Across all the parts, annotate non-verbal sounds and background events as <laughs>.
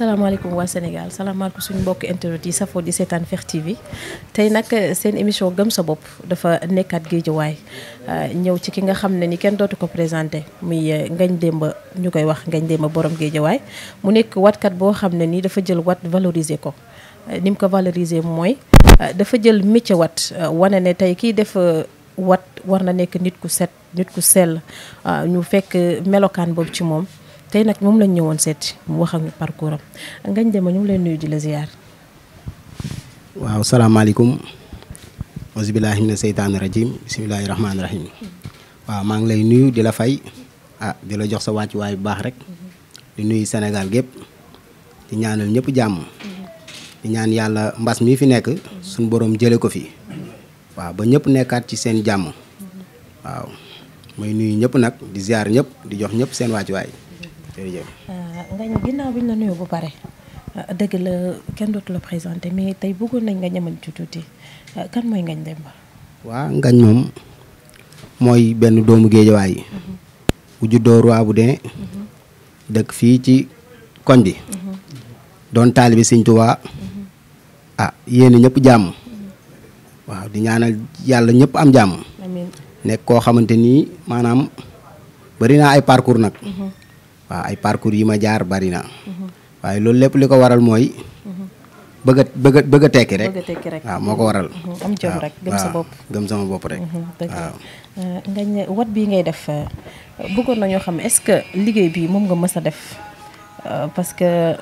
salaamaaleykum waa Sénégal salaamaaleykum suñu mbokk internet yi safoo di seetaan Fekh TV tey nag seen émission gëm sa bopp dafa nekkaat géejuwaay euh, ñëw ci ki nga xam ne ni kenn dootu ko présenté muy euh, Ngagne Demba ñu koy wax Ngagne Demba borom géejuwaay mu nekk watkat boo xam ne ni dafa jël wat valoriser ko euh, ni mu ko valoriser mooy dafa jël métier wat wane ne tey kiy def wat war na nekk nit ku set nit ku sell ñu fekk melokaan boobu ci moom tey nag moom lañ ñëwoon seeti mu wax ak ñu parcours am ngañ dema leen nuyu di la ziar. waaw salaamaaleykum. auzu billaahi mina seytaani rajiim bismillaahi rahmaani rahiim. waaw maa ngi lay nuyu di la fay ah di la jox sa wàccuwaay bu baax rek. di nuyu senegal gépp di ñaanal ñëpp jàmm. di ñaan yàlla mbas mi fi nekk. suñ boroom jëlee ko fi. waa ba ñëpp nekkaat ci seen jàmm. waaw mooy nuyu ñëpp nag di ziar ñëpp di jox ñëpp seen wàccuwaay. jërëjëf. Euh, Ngagne ginnaaw bi ñu la nuyoo bu pare euh, dëgg la kenn dootu la présenté mais tey bëggoon nañ nga ñamal ci tuuti euh, kan mooy Ngagne Demba. waa Ngagne moom mooy benn doomu géejawaay bu mhm. juddoo Roi Baudouin mhm. dëkk fii ci koñ bi mhm. doon taalibe Sëñ Tuubaa ah yéen ñëpp jàmm waaw di ñaanal yàlla ñëpp am jàmm. amiin nekk koo xamante ni maanaam bari naa ay parcours nag. waaw ay parcours yi ma jaar bari na waaye loolu lépp li ko waral mooy bëgg a bëgg a bëgg a tekki rek waaw moo ko waral mhm, am jom rek gëm sa bopp gëm sama bopp rek mhm, euh, ngañ wat bii ngay def euh, bëggoon ñoo xam est-ce que liggéey bi moom nga mës a def euh, parce que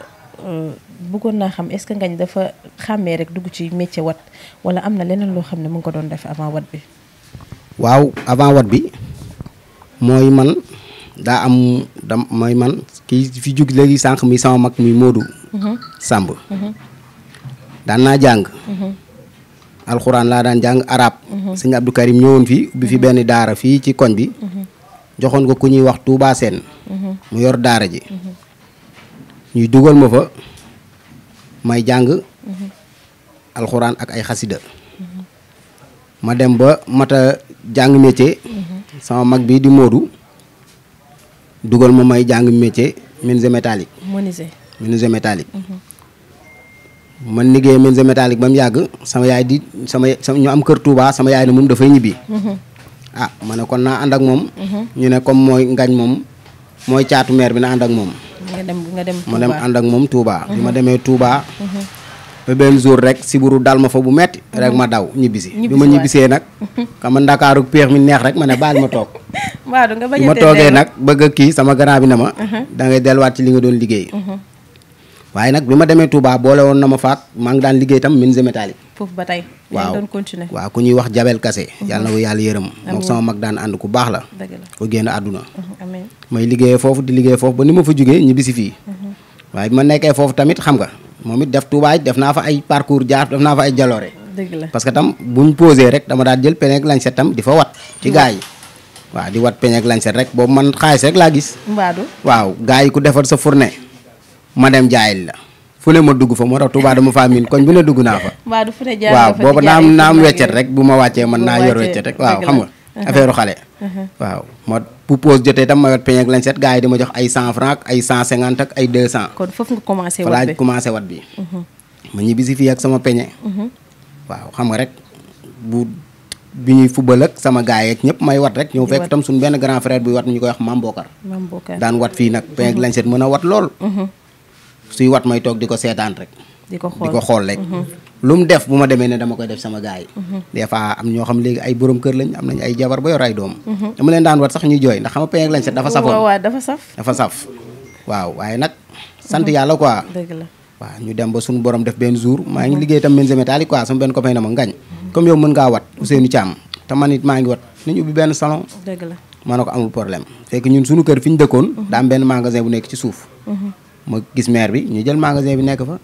bëggoon naa xam est-ce que ngañ dafa xàmmee rek dugg ci métier wat walla am na leneen loo xam ne mu ngi ko doon def avant wat bi waaw avant wat bi mooy man daa am dam mooy man kii fi jug léegi sànq mi sama mag mi Modou mhm. Samb mhm. daan naa jàng mhm. alxuraan laa daan jàng arab sëñ Abdou Karim ñëwoon fii ubbi fi benn daara fii ci koñ bi joxoon ko ku ñuy wax Touba Seen mu yor daara ji ñuy dugal ma fa may jàng alxuraan ak ay xasida ma dem ba mata jàng métier sama mag bi di Modou dugal ma may jàng métier menuisier métallique. menuisier menuisier métallique. Mhm. man liggéey ba mu yàgg sama yaay di sama ñu am kër Touba sama yaay ne moom dafay ñibbi. Mhm. ah ma ne kon naa ànd ak moom. Mhm. ñu ne comme mooy ngañ moom mooy caatu meer bi na ànd ak moom. ma dem ànd ak moom Touba. bi ma demee Touba. ba benn jour rek siburu dal ma fa bu metti rek ma daw ñibbisi. ñibbisi bi ma ñibbisee nag. xam nga Ndakaaru peex mi neex rek ma ne baal ma toog. <laughs> waaw du nga bañ ma toogee nag bëgg a kii sama grand bi na ma. Uh-huh. da delluwaat ci li nga doon liggéey. Uh-huh. waaye nag bi ma demee Touba boole woon na ma faak maa ngi daan liggéey tam menuisier métallique. foofu ba tey. waaw doon continuer waaw ku ñuy wax Jabel Kase. Uh-huh. yàlla na ko yàlla yërëm. moom sama mag daan ànd ku baax la. dëgg la ku génn àdduna. amiin may liggéeyee foofu di liggéey foofu ba ni ma fa jugee ñibbi si fii. waaye bi ma nekkee foofu tamit xam nga moom it def Touba it def naa fa ay parcours jaar def naa fa ay jaloore. wa di wat peñ ak lancet rek bo man xaalis rek la gis mbadu waaw gaay yi ku defal sa fourné ma dem jaayil la fune ma dugg fa mo raw tuba dama fa min koñ bu ne dugg na fa mbadu fune jaay waaw bobu naam naam wéccet rek buma ma man na yor wéccet rek waaw xam nga affaireu xalé uh-huh. waaw mo bu pose jotté tam ma wat peñ ak lancet gaay yi di jox ay 100 francs ay 150 ak ay 200 kon fofu nga commencé wat bi commencé wat bi hmm ma ñibisi fi ak sama peñé hmm uh-huh. waaw xam nga rek bu bi ñuy fubal ak sama gaay ak ñëpp may wat rek ñëw fekk tam suñu benn grand frère buy wat ñu koy wax Mam Bokar daan wat fii nag peeg lañ seet mën a wat lool mm-hmm. suy wat may toog di ko seetaan rek di ko xool rek mm-hmm. lu mu def bu ma demee ne dama koy def sama gaay yi mm-hmm. des fois am ñoo xam léegi ay daan wat sax ñuy jooy ndax xam nga peeg dafa safoon waaw waaye nag sant yàlla quoi dëgg ñu dem ba suñu borom def benn jour maa liggéey tam ménse métallique quoi sama benn copain na ma ngañ comme yow mën ngaa wat Ousseynou Thiam te man it maa ngi wat nañu ubbi benn salon. dëgg la ma ne ko amul problème fekk ñun suñu kër fi ñu dëkkoon. Mhm. daa am benn magasin bu nekk ci suuf. Mhm. ma gis maire bi ñu jël magasin bi nekk fa.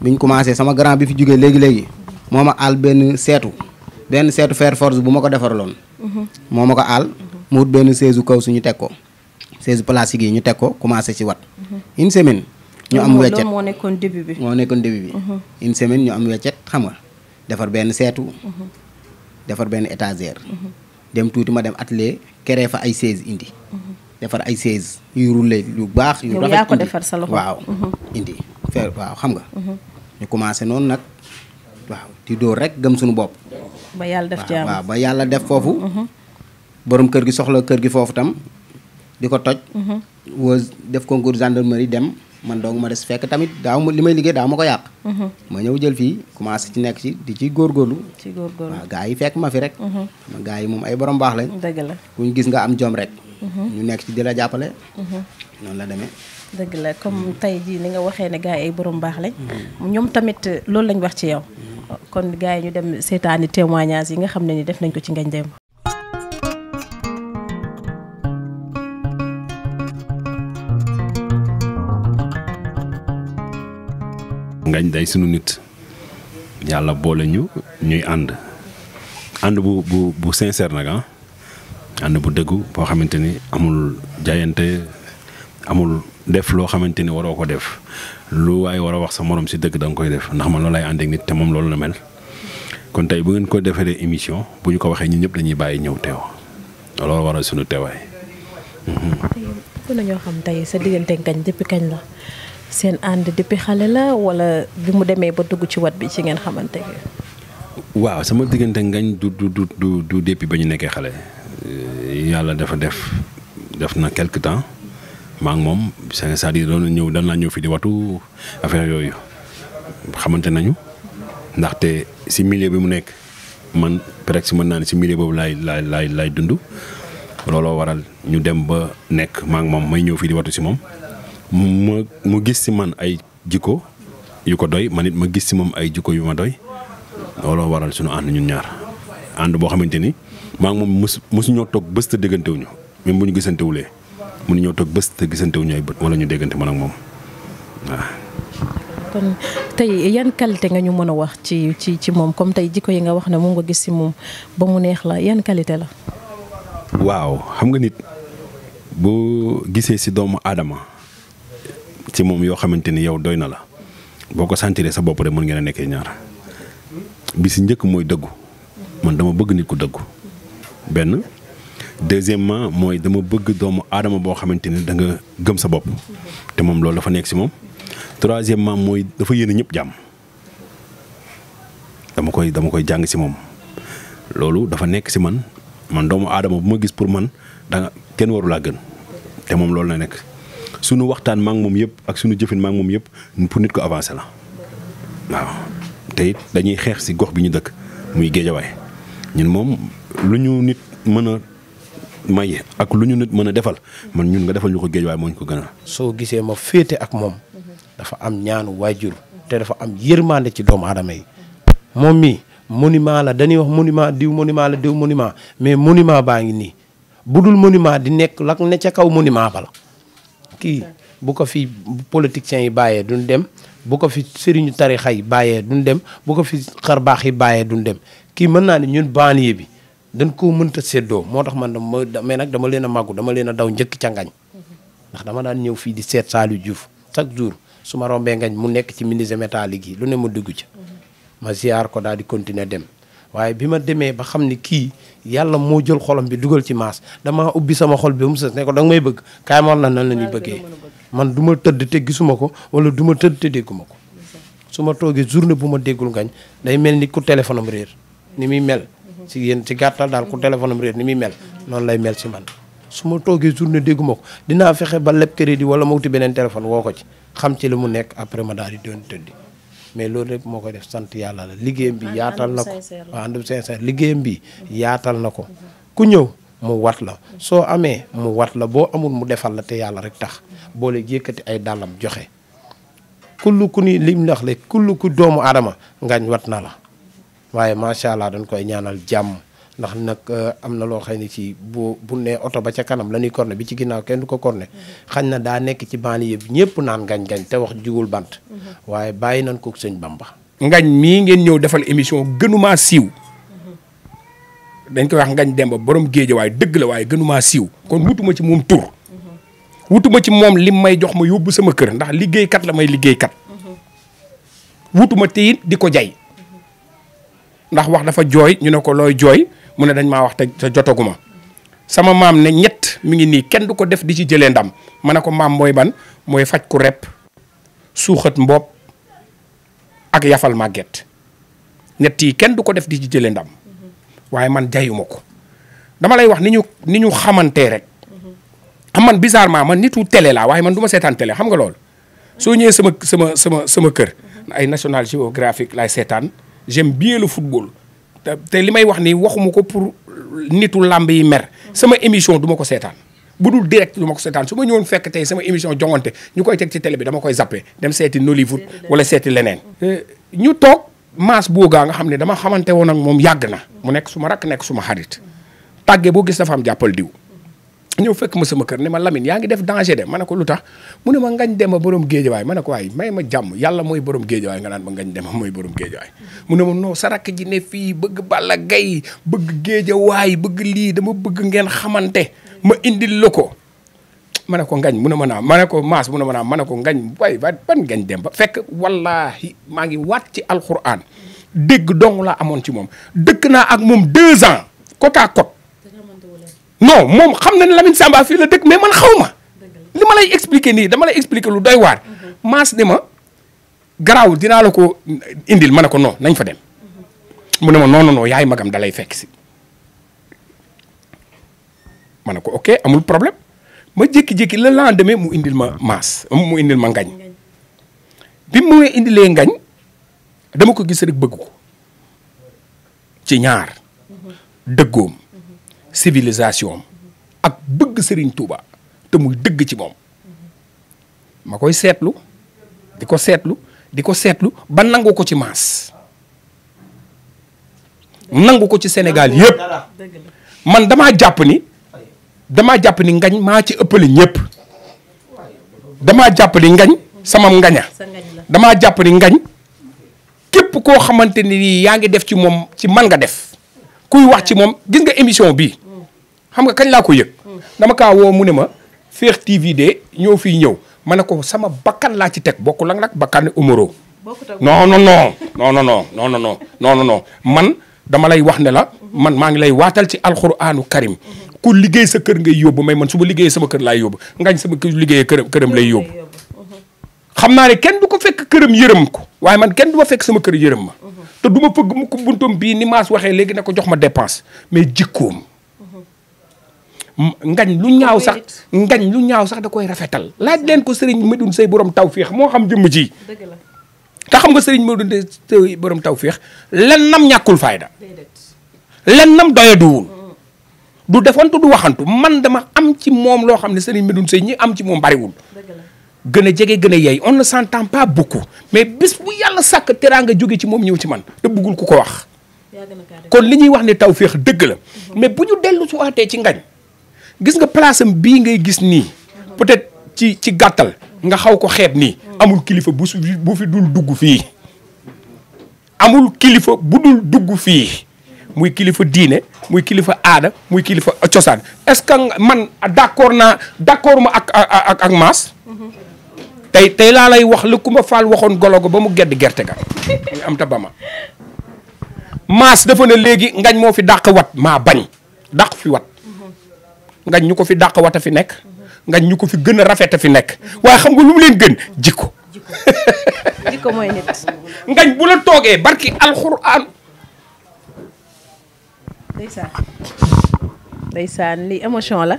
bi ñu commencé sama grand bi fi jógee léegi léegi. Mhm. moo ma aal benn seetu. benn seetu fer force bu ma ko defaraloon. moo ma ko aal. mu wut benn seize kaw suñu teg ko. seize plastique yi ñu teg ko commencé ci wat. une semaine. ñu am weccet moo nekkoon début bi. moo nekkoon defar benn seetu. defar benn étagère. dem tuuti ma dem atelier créer fa ay chaise indi. defar ay chaise yu roulé yu baax. yu rafet indi yaa ko waaw. xam nga. ñu commencé noonu nag waaw di dóor rek gëm suñu bopp. ba yàlla def jàmm waaw ba yàlla def foofu. borom kër gi soxla kër gi foofu tam di ko toj. Mhm. woo def concours gendarmerie dem. man donc ma des fekk tamit daaw ma li may liggéey daaw ma ko yàq. Mhm. ma ñëw jël fii commencé ci nekk ci di ci góorgóorlu. ci góorgóorlu waaw gaa yi fekk ma fi rek. Mhm. ma gaa yi moom ay borom baax lañ. dëgg la ku ñu gis nga am jom rek. Mhm. ñu nekk ci di la jàppale. noonu la demee. dëgg la comme tey jii ni nga waxee ne gaa yi ay borom baax lañ. ñoom tamit loolu lañ wax ci yow. kon gaa yi ñu dem seetaani témoignage yi nga xam ne ni def nañ ko ci ngañ dem. ngañ day sunu nit yàlla boole ñu ñuy ànd ànd bu bu bu sincère nag a ah. ànd bu dëggu boo xamante ni amul jaayante amul def loo xamante ni waroo ko def lu waaye war a wax sa moroom si dëgg da nga koy def ndax man loolu lay ànd nit te moom loolu la mel. kon tey bu ngeen ko defaree émission bu ñu ko waxee ñun ñëpp lañuy bàyyi ñëw teew loolu waral sunu teewaay. seen and depuis xale la wala bi mu demee ba dugg ci wat bi ci ngeen xamante waaw sama digënté ngañ du du du du du depuis ba ñu nekkee xale eh, yàlla dafa def def na quelque temps ma ak mom c'est-à-dire doon ñew dañ la ñew fi di watu affaire yoyu xamanté nañu té ci milieu bi mu nekk man presque man naa ci milieu bobu lay lay lay dundu lolo waral ñu dem ba nek maa ngi moom may ñew fi di watu ci mom ma mu gis si man ay jiko yu ko doy man ma gis si moom ay jikko yu ma doy looloo waral suñu ànd ñun ñaar ànd boo xamante ni maa ngi moom mos mosu ñoo toog bés te déggantewuñu même bu ñu gisantewulee mënu ñoo toog bés te gisantewuñu ay bët wala ñu déggante man ak moom waaw. kon tey yan qualité nga ñu mën a wax ci ci ci moom comme tey jikko yi nga wax ne mu nga gis si moom ba mu neex la yan qualité la. waaw xam nga nit bu gisee si doomu aadama ci mom yo xamanteni yow doyna la boko ko sa bop de mën ngeen a nekkee ñaar bi si njëkk moy dëggu man dama bëgg nit ku dëggu ben deuxièmement moy dama bëgg doomu aadama bo xamanteni da nga gëm sa bop té mom loolu fa nekk ci mom troisièmement mooy dafa yéne ñëpp jam dama koy dama koy jang ci mom loolu dafa nekk ci man man doomu bu ma gis pour man da nga waru la gën té mom loolu la nekk sunu waxtaan maa moom yëpp ak suñu jëfin maa moom yëpp pour nit ko avancer la waaw te dañuy xeex si gox bi ñu dëkk muy géejawaay ñun moom lu ñu nit mën a may ak lu ñu nit mën a defal man ñun nga defal ñu ko géejawaay moo ñu ko gën a soo gisee ma féete ak moom dafa am ñaanu waajur te dafa am yërmande ci doomu aadama yi moom mii monument la dañuy wax monument diw monument la diw monument mais monument baa ngi nii bu dul monument di nekk lak ne ca kaw monument ba kii bu ko fi politiciens yi bàyyee duñ dem bu ko fi sëriñu tarixa yi bàyyee duñ dem bu ko fi xarbaax yi bàyyee duñ dem kii mën naa ne ñun banlieue bi dan koo mënta séddoo moo tax man dama mais nag dama leen a màggu dama leen a daw njëkk ca ngañ ndax dama daan ñëw fii di seet Saliou Diouf chaque jour su ma rombee ngañ mu nekk ci menuisier métallique yi lu ne ma dugg ca ma ziar ko daal di continuer dem waaye bi ma demee ba xam ni kii yàlla moo jël xolam bi dugal ci maas damaa ubbi sama xol bi mu sës ne ko danga may bëgg kaay ma wax la nan la ñuy bëggee man du tëdd te gisuma ko wala du ma tëdd te dégguma ko su ma toogee journée bu ma déggul ngañ day mel ni ku téléphone am réer ni muy mel si yéen ci gàttal daal ku téléphone am réer ni muy mel noonu lay mel si man su ma toogee journée dégguma ko dinaa fexe ba leb crédit wala ma wuti beneen téléphone woo ko ci xam ci li mu nekk après ma daal di doon tëddi mais loolu lépp moo koy def sant yàlla la liggéeyam bi yaatal na ko waaw àndum sincère liggéeyam bi mhm. yaatal na ko mhm. ku ñëw mu wat la mhm. soo amee mu wat la boo amul mu defal la te yàlla rek tax boole yëkkati ay dàllam joxe kullu ku ni lim ndax la kullu ku doomu aadama ngaañ wat na la waaye macha allah dañ koy ñaanal jàmm ndax nag eh, am na loo xam ne ci bu bu ne oto ba ca kanam la ñuy corne bi ci ginnaaw kenn du ko corne mm-hmm. xañ na daa nekk ci banlieue bi ñëpp naan ngañ-ngañ te wax jugul bant mm-hmm. waaye bàyyi nañ kook sëñ Bamba ngañ mii ngeen ñëw defal émission gënumaa siiw mm-hmm. dañ koy wax ngañ demba boroom géeje waaye dëgg la waaye gënumaa siiw kon wutuma ci moom tur wutuma ci moom lim may jox ma yóbbu sama kër ndax liggéey kat la may liggéeykat wutuma te it di ko jay ndax wax dafa jooy ñu ne ko looy jooy mu ne dañ maa wax te jotaguma sama maam ne ñett mi ngi nii kenn du ko def di ci jëlee ndam ma ne ko maam mooy ban mooy faj ku rep suuxat ak yafal màgget ñett yi kenn du ko def di ci jëlee ndam waaye man jayuma ko dama lay wax ni ñu ni ñu xamantee rek xam man bizarrement man nitu télé la waaye man du ma seetaan télé xam nga loolu soo ñëwee sama sama sama sama kër ay National Geographic laay seetaan j'aime bien le football te li may wax ni waxuma ko pour nitu làmb yi mer sama émission duma ko seetaan bu dul direct du ma ko seetaan su ma ñëwoon fekk tey sama émission jongante ñu koy teg ci télé bi dama koy zappé dem seeti Nollywood wala seeti leneen eh, ñu toog maas boogaa nga xam ne dama xamante woon nag moom yàgg na mu nekk su ma rakk nekk suma ma xarit tàgge boo gis dafa am jàppal diw ñëw fekk ma sama kër ne ma Lamine yaa ngi def danger de ma ne ko lu tax mu ne ma ngañ ba borom géejawaay ma ne ko waay may ma jàmm yàlla mooy borom géejawaay nga naan ma ngañ dem mooy borom géejawaay mu ne ma non sarak ji ne fii bëgg Balla gay bëgg géejawaay bëgg lii dama bëgg ngeen xamante ma indi la ko ngañ mu ne ma naa ma ne mu ne ma naa ma ngañ waay waay ban ngañ dem ba fekk wallahi maa ngi waat ci alquran dégg dong la amoon ci moom dëkk naa ak moom deux ans côte à côte non moom xam na la Lamine Samba fii la dëkk mais man xaw ma li ma lay expliquer nii dama lay expliquer lu doy waar. maas ne ma garaaw dinaa la ko indil ma ne ko non nañ fa dem. mu ne ma non non yaay magam dalay fekk si. ma ne ko ok amul problème ma jékki-jékki le lendemain mu indil ma maas mu indil ma ngañ bi mu indilee ngañ dama ko gis rek bëgg ko ci ñaar dëggoom. civilisation ak bëgg sëriñ Touba te muy dëgg ci moom ma koy seetlu di ko seetlu di ko seetlu ba nangu ko ci maas nangu ko ci senegal yëpp man damaa jàpp ni damaa jàpp ni ngañ maa ci ëppale ñëpp damaa jàpp ni ngañ samam ngaña damaa jàpp ni ngañ képp koo xamante ni yaa ngi def ci moom ci man nga def kuy wax ci moom gis nga émission bi xam nga kañ laa ko yëg. dama kaa woo mu ne ma Fekh TV de ñoo fiy ñëw ma ne ko sama bakkan laa ci teg bokku ak nag bakkan umoro. non non noo non non non non non non non man dama lay wax ne la. man maa ngi lay waatal ci alxuraanu karim. ku liggéey sa kër ngay yóbbu may man su ma liggéeyee sama kër laay yóbbu ngañ sama kër liggéeyee këram këram lay yóbbu. xam naa ne kenn du ko fekk këram yërëm ko waaye man kenn du ma fekk sama kër yërëm ma. te du ma fëgg mu ko buntam bii ni maas waxee léegi na ko jox ma dépense mais jikkoom. ngagn lu ñaaw sax ngagn lu ñaaw sax da koy rafetal laaj len ko serigne medoun Sey borom tawfiix mo xam jëm ji ta xam nga serigne medoun Sey borom tawfiix lan nam ñakul fayda lan nam doyaduwul du defantu du waxantu man dama am ci mom lo xamni serigne medoun Sey ñi am ci mom bari wul a jégué gën yey on ne s'entend pas beaucoup mais bis bu yalla sak teranga joggé ci mom ñew ci man te buggul ku ko wax kon li wax ni deug la mais buñu delu ci waté ci gis nga place bii ngay gis nii peut-être ci ci gàttal nga xaw ko xeeb nii amul kilifa bu su bu fi dul dugg fii amul kilifa bu dul dugg fii muy kilifa diine muy kilifa aada muy kilifa cosaan est-ce que man d'accord naa d'accord ma ak ak maas tey tey laa lay wax lu ku ma faal waxoon golo gologo ba mu gedd gerte ga muy am ta ba ma maas dafa ne léegi ngañ moo fi dàq wat maa bañ dàq fi wat ngañ ñu ko fi dàq wata fi nekk ngañ ñu ko fi gën a rafet a fi nekk waaye xam nga lu mu leen gën jikko <laughs> jikko mooy nit ngañ bu la toogee barki alxuraan ndeysaan ndeysaan li émotion la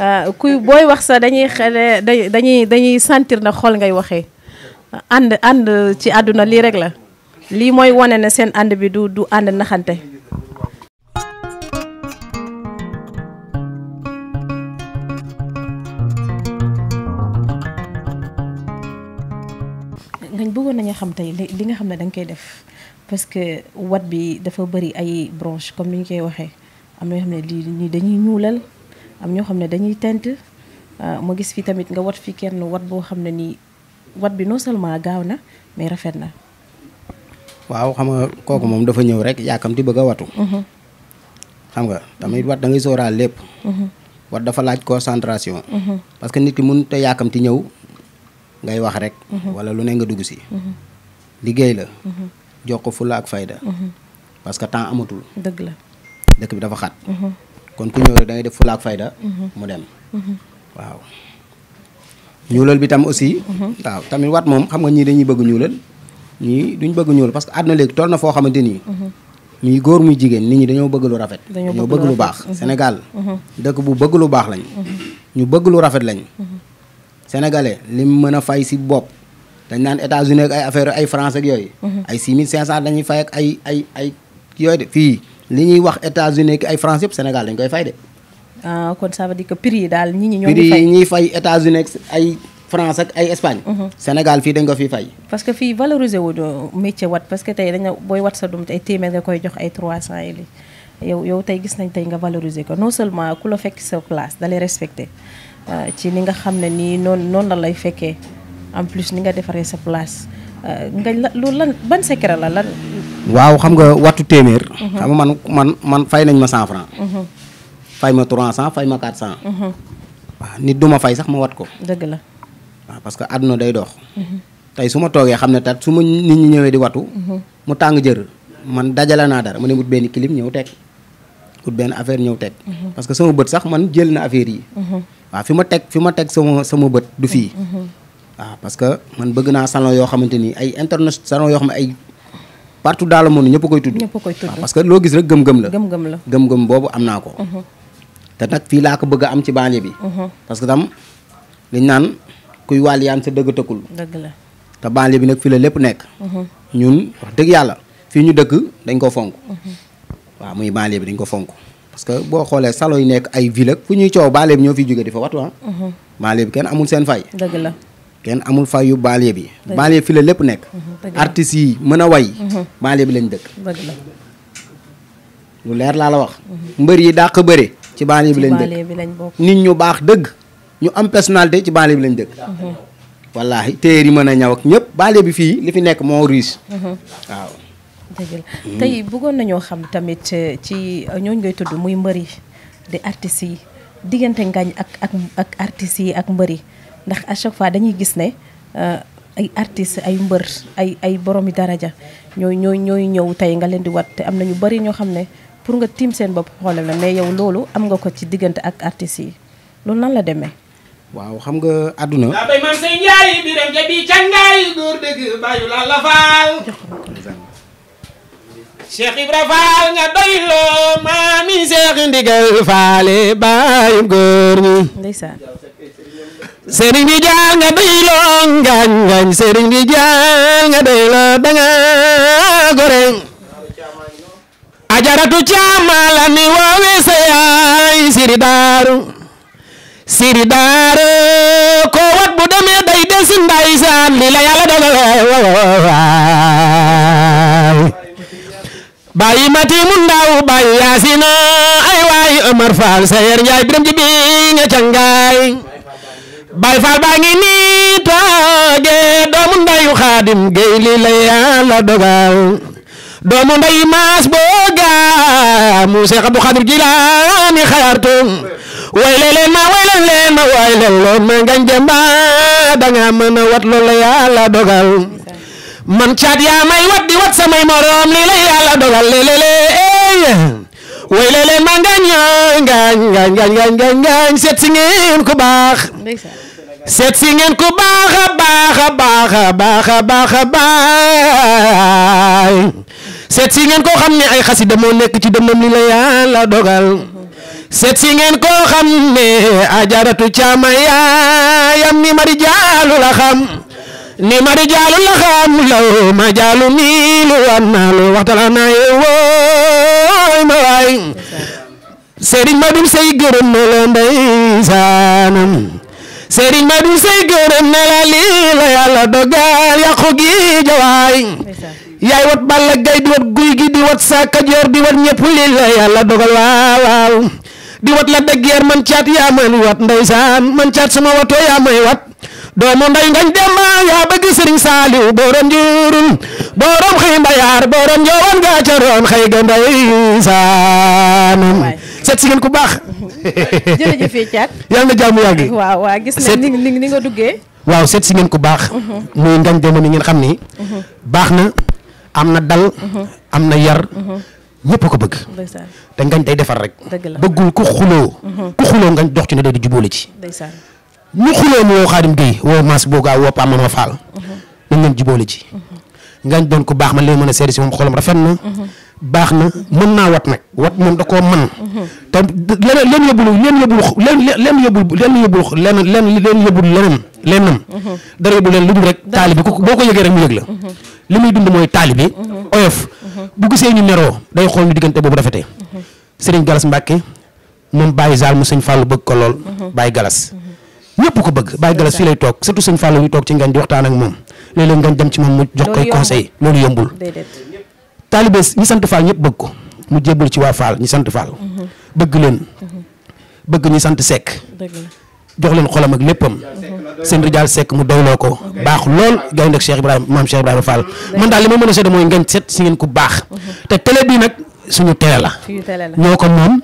euh, kuy booy wax sa dañuy xale dañuy dañuy sentir na xool ngay waxee ànd ànd ci àdduna lii rek la lii mooy wane na seen ànd bi du du ànd naxante bëggoon nañu xam tey li nga xam ne da nga def parce que wat bi dafa bëri ay branche comme ni ñu koy waxee am na ñoo xam ne lii dañuy ñuulal am ñoo xam ne dañuy tent ah, ma gis fi tamit nga wat fi kenn wat boo xam ne nii wat bi non seulement gaaw na mais rafet na. waaw xam nga kooku moom dafa ñëw rek yaakamti bëgg a watu. Mhm. xam nga tamit wat da ngay lépp. Mhm. wat dafa laaj concentration. Mhm. parce que nit ki mënut a yaakamti ñëw. ngay wax rek. Mhm. wala lu ne nga dugg si. Mhm. liggéey la. Mhm. jox ko fulla ak fayda. parce que temps amatul. dëgg la dëkk bi dafa xat. kon ku ñëw rek da ngay def fulla ak fayda. mu dem waaw. ñuulal bi tam aussi. waaw tamit wat moom xam nga ñii dañuy bëgg ñuulal ñii duñ bëgg ñuulal parce que àdduna léegi toll na foo xamante ni. ñuy góor muy jigéen nit ñi dañoo bëgg lu rafet. dañoo bëgg lu baax Sénégal. dëkk bu bëgg lu baax lañ. ñu bëgg lu rafet lañ. sénégalais lim mën a fay si bopp dañ naan États-Unis ak ay affaire ay France ak yooyu. Mhm. ay 6500 dañuy fay ak ay ay ay yooyu de fii li ñuy wax États-Unis ak ay France yëpp Sénégal dañ koy fay de. ah kon ça veut dire que prix yi daal ñi ñoo ngi fay prix yi ñuy fay États-Unis ak ay. France ak ay Espagne. Mhm. Sénégal fii dañ ko fii fay. parce que fii valoriser wu métier wat parce que tey dañu booy wat sa dum ay téeméer nga koy jox ay 300 et li yow yow tey gis nañ tey nga valoriser ko non seulement ku la fekk sa place da lay Ah, ci ni nga xam ni non non la lay fekkee en plus ni nga defaree sa place ah, nga lu lan ban secret la lan. waaw xam nga watu témèr mhm. xam man man man fay nañ ma cent franc. Mhm. fay ma 300 fay ma 400 cent. Mhm. waaw nit duma fay sax ma wat ko. deug la waaw parce que aduna day dox. tey su ma toogee xam tat suma nit ñi ñëwé di watu. mu tang jër man dajala na dara ma mut ut clip ñëw teg ut ben affaire ñëw tek parce que sama bët sax man jël na affaire yi. waaw fi ma teg fi ma teg sama sama bët du fii mm-hmm. Mm-hmm. waaw parce que man bëgg naa salon yoo xamante ni ay international salon yoo xam ne ay partout dans le monde ñëpp koy tudd ñëpp koy tudd parce que loo gis rek gëm-gëm la gëm-gëm la gëm-gëm boobu am naa ko mm-hmm. te nag fii laa ko bëgg a am ci banlieue bi parce que tam liñ naan kuy wàll sa dëgg tëkkul la te banlieue bi nag fii la lépp nekk ñun wax dëgg yàlla fii ñu dëkk dañ ko fonk waaw muy banlieue bi dañ ko fonk parce que boo xoolee salo yu nekk ay ville ak fu ñuy coow baale ñoo fiy jóge di fa watu ah. Mhm. kenn amul seen fay. kenn amul fay yu baale bi. baale fi la lépp nekk. Mhm, artistes yi mën a way. Mhm. baale bi lañ dëkk. dëgg lu leer laa la wax. mbër yi dàq bëre. ci baale bi lañ dëkk nit ñu baax dëgg. ñu am personnalité ci baale bi lañ dëkk. wallaahi téer yi mën a ñaw ak ñëpp baale bi fii li fi nekk moo riche. dëgg la mm. tey bëggoon nañoo xam tamit eh, ci eh, ñoo ngay tudd muy mbeuri de artiste yi digënté ngañ ak ak ak artiste yi ak mbeuri ndax à chaque fois dañuy gis ne eh, ay artiste ay mbeur ay ay boromi daraja ñoy ñoy ñoy ñew tay nga leen di wat am ñu ñoo xamné ne pour nga tim seen bop xolal na mais yow lolu am nga ko ci digënté ak artiste yi loolu nan la démé waaw xam nga aduna la bay man say bi biram ja bi cangaay goor deug bayu la la faal. Cheikh Ibra Faal nga doyloo maami Cheikh ndigal faale baayum góor ñi ndeysaan sëriñ bi jaal nga doyloo ngañ ngañ sëriñ bi jaal nga doyloo danga gore ajaratu caama la ni woowe sa yaay siri daaru siri daaru ko wat bu demee day des ndeysaan li la yàlla dogal waay Bayi mati munda bayi bàyyi ay way Omar Fall sayer njaay biram ji bi nga ya cangaay bay Faal hadim ngi nii tooge domu bayi ya mas boga la yàlla dogal doomu ndayu maas booga mu Seex khadim Xaadir Jilaani xayartu ma wayle leen ma wayle ma da nga wat lo ya la dogal man caat yaa may wat di wat samay moroom lii la yàlla dogal lelele eh. way lele ma ngaañ ah, ngaañ ngaañ ngaañ ngaañ seet si ngeen ku baax seet si ngeen ku baax a baax a baax a baax a baax a baay seet si ngeen koo xam ne ay xasida moo nekk ci dëndam li la yàlla dogal seet si ngeen koo xam ne ajaratu caama yaayam ni mari jaalu la xam ni ma di jaalu la xam law ma jaalu nii lu wan naa lu wooy ma waay sëriñ ma dum sey gërëm na la ndeysaanam sëriñ ma dum sey gërëm na la lii la yàlla dogal yàqu gi jawaay yaay wat Balla Gaye di wat guy gi di wat sa Kajoor di wat ñëpp lii la yàlla dogal waaw waaw di wat la dëggeer man caat yaa man wat ndeysaan man caat suma watoo yaa wat doomu nday ngañ demba yaa bëgg sëriñ saaliw borom njurul borom xëy mbayaar borom njoowan gaacaroon xëy ga nday saanum seet si ngeen ku baax <laughs> jërëjëf Thiat yal na jàmm yàgg waaw waaw gis na nga duggee waaw seet si ngeen ku baax mhm. muy ngañ demba mi ngeen xam ni mhm. baax na am na dal mhm. am na yar ñëpp a ko bëgg te ngañ day defar rek bëggul ku xuloo ku xuloo ngañ dox ci ne day di jubóole ci ñu xuloon woo Xaadim Gueye woo Mass Boga woo Pam a Fall. dañ leen jubóole ji. ngañ doon ko baax man li ma mën a seede si moom xolam rafet na. baax na mën naa wat nag wat moom da koo mën. te leneen leen yóbbul leen yóbbul leen yóbbul leen yóbbul leneen leen leen yóbbul leneen leneen. dara yóbbul leen lu dul rek. taali bi ku boo ko yëgee rek mu yëg la. li muy dund mooy taali bi. oyof bu gisee ñu neroo day xool ñu diggante boobu rafetee. Serigne Galas Mbacke moom Baye Zal mu sëñ Fallou bëgg ko lool Baye Galas. ñepp ko bëgg bay talk. fii lay tok surtout seigne Fallou ñu tok ci ngañ di waxtaan ak mom lay léeg ngañ dem ci mom mu jox koy conseil lolu yombul talibes ñi sant Fall ñepp bëgg ko mu jébbal ci wa Fall ñi sant Fall mhm. bëgg leen mhm. bëgg ñi sant sek jox leen xolam ak leppam mhm. seigne rijaal sek mu doyloo ko bax lool gay ak Cheikh ibrahim mam Cheikh ibrahim Fall man dal li ma mën a seede mooy ngañ si ngeen ku bax té télé bi nak suñu télé la ñoko mom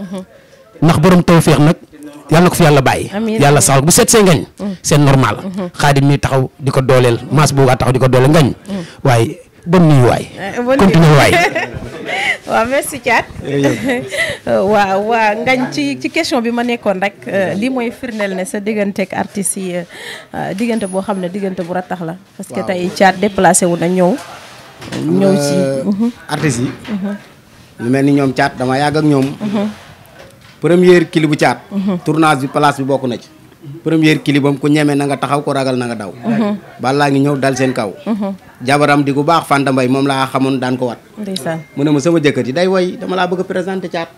nak borom tawfiq nak yalla ko fi yalla baye yalla sawal bu set see ngagn mm. c'est normal khadim mm-hmm. mi taxaw diko dolel mas bu ga taxaw diko dolel ngagn ngañ mm. bon nuyu way eh, continue way <laughs> wa merci Thiat wa wa ngagn ci ci question bi ma nekkon rek euh, li moy firnel ne sa digante ak artiste yi euh, digante bo xamne digante bu ratax la parce que tay Thiat déplacer wu na ñew ñew ci mhm. artiste yi mhm. ñu melni ñom ñoom dama yag ak ñom mhm. première clip bu caat. Mhm. tournage bi place bi bokk na ci. première clip bam ku ñeme na nga taxaw ko ragal na nga daw. Mhm. balaa ngi ñëw dal seen kaw. Mhm. jabaram di ku baax Fanta Mbaye moom laa xamoon daan ko wat. ndeysaan mu ma sama jëkkër ji day woy dama laa bëgg a présenter caat.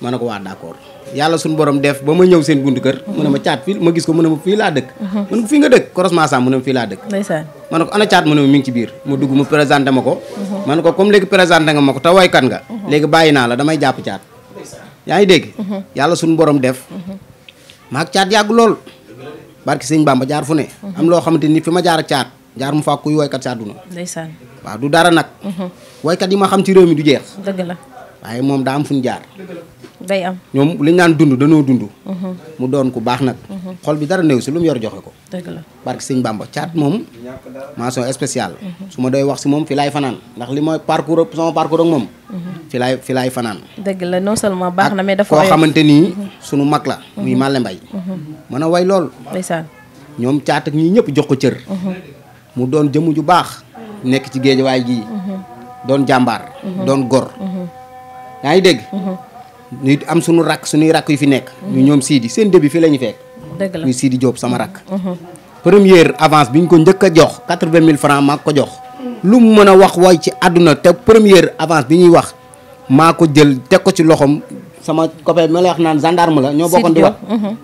ma ko waa d'accord yàlla suñu borom def ba ma ñëw seen buntu kër. mu a ma caat fii ma gis ko mu a ma fii laa dëkk. mu ne ko fii nga dëkk croisement Sam mu ne ma ana caat mu ne ma mi ci biir mu dugg mu présenté ma ko. ma ko comme léegi yaa ngi dégg. Mhm. yàlla suñu borom def. Mhm. maag caat yàgg lool. barki sëñ Bamba jaar fu ne. Mhm. am loo xamante ni fi ma jaar ak caat jaar mu fàkk kuy woykat si àdduna. ndeysaan waaw du dara nag. woykat yi ma xam ci réew mi du jeex. dëgg la waaye moom daa am fu ñu jaar. day am ñoom li ñu naan dund danoo dund mhm. mu doon ku baax nag mhm. xol bi dara néew si lu mu yor joxe ko dëgg la barke sëñ Bamba caat moom mention spéciale mhm. su doy wax si moom fi laay fanaan ndax li ma parcours sama parcours ak moom fi laay fi laay fanaan dëgg la non seulement baax na mais dafa koo xamante nii sunu mag la muy Malle Mbaye mën a way lool ndeysaan ñoom caat ak ñii ñëpp jox ko cër mu doon jëmm ju baax nekk ci géejawaay gii doon jàmbaar doon gor yaa ngi ñuy am suñu rak suñu rak yu fi nek ñu ñom Sidi seen début fi lañu fek la muy Sidi job sama rak mhm. première avance biñ ko njëkk jox 80000 francs maa ko jox lu mu mëna wax way ci aduna te première avance bi wax ko jël te ko ci loxom sama copain ma lay wax naan gendarme la ñoo bokkoon di wat mhm.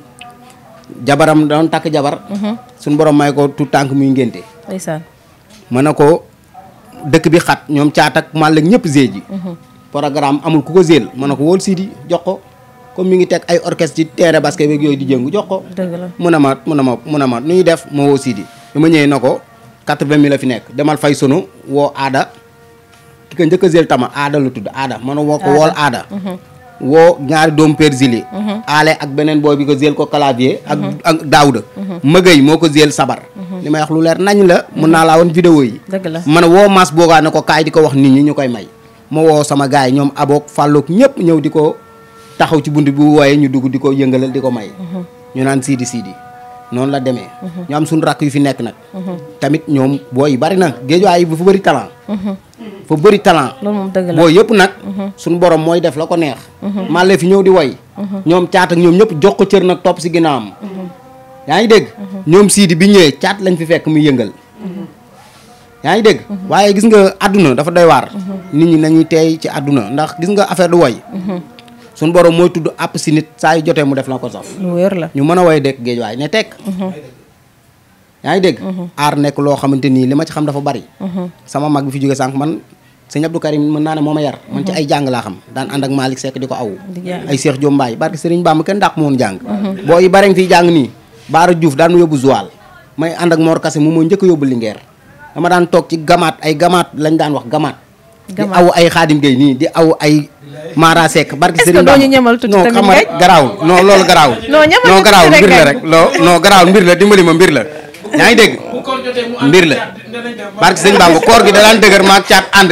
jabaram don tak jabar mhm. suñu borom may ko tout tank muy ngenté ndeysaan manako ko dëkk bi xat ñom caat ak ñëpp géej programme amul kuko zel manako wol Sidi jox ko comme mi ngi tek ay orchestre ci terre basket beeg yoy di jeng jox ko. munama munama mun def mo wo Sidi. bi ñewé nako 80000 la fi nek demal fay sunu wo ada ki ko njëkk zel tama ada lu tud mana ma wo woo ko wool aada. Mhm. woo ñaari doom persili mhm. ale ak benen boy bi ko zel ko clavier ak mhm. ak magay moko zel sabar limay wax lu leer nañ la mu na la won vidéo yi man wo mas boga nako kay di ko wax nit ñi ñu may ma woo sama gars yi ñoom aboog fàlloog ñëpp ñëw di ko taxaw ci bunt bu wooyee ñu dugg di ko yëngalal di ko may mhm. ñu naan siidi siidi noonu la demee mhm. ñu am suñu rakk yu fi nekk nag mhm. tamit ñoom boo yi bari na géejuwaay bu fa bëri talent fa bëri talent loolu moom dëgg la boo yëpp nag suñu borom mooy def la ko neex màlle fi ñëw di woy ñoom caat ak ñoom ñëpp jox cër nag topp si ginnaawam yaa dégg ñoom siidi bi ñëwee caat lañ fi fekk muy yëngal yaay deg mhm. waye gis nga aduna dafa doy war mhm. nit ñi nañuy teey ci aduna ndax gis nga affaire du way mhm. sun borom moy tuddu app ci nit say joté mu def la ko saf lu wér la ñu mëna way deg geej way ne tek yaay deg ar nek lo xamanteni lima ci xam dafa bari sama mag bi fi jóge sank man Seigne Abdou Karim mën naa moma yar man ci ay jang la xam daan and ak Malik Seck diko aw ay Cheikh Diom Mbaye barke Serigne Bam ken dak moon jang boy bareng fi jang ni Baara Diouf daan mu zoal may and ak Mor Kassé mu moo njëkk yóbbu Linguère dama daan toog ci gamaat ay gamaat lañ daan wax gamaat. di aw ay xaadim gay nii di aw ay. Mara Seck barki Serigne Ba ñu ñamal tuuti tamit non xam garaawul non loolu garaawul. non ñamal mbir la rek loo non garaawul mbir la dimbali ma mbir la. yaa ngi dégg mbir la barki Serigne Ba koor gi da daan dëgër maag caat ànd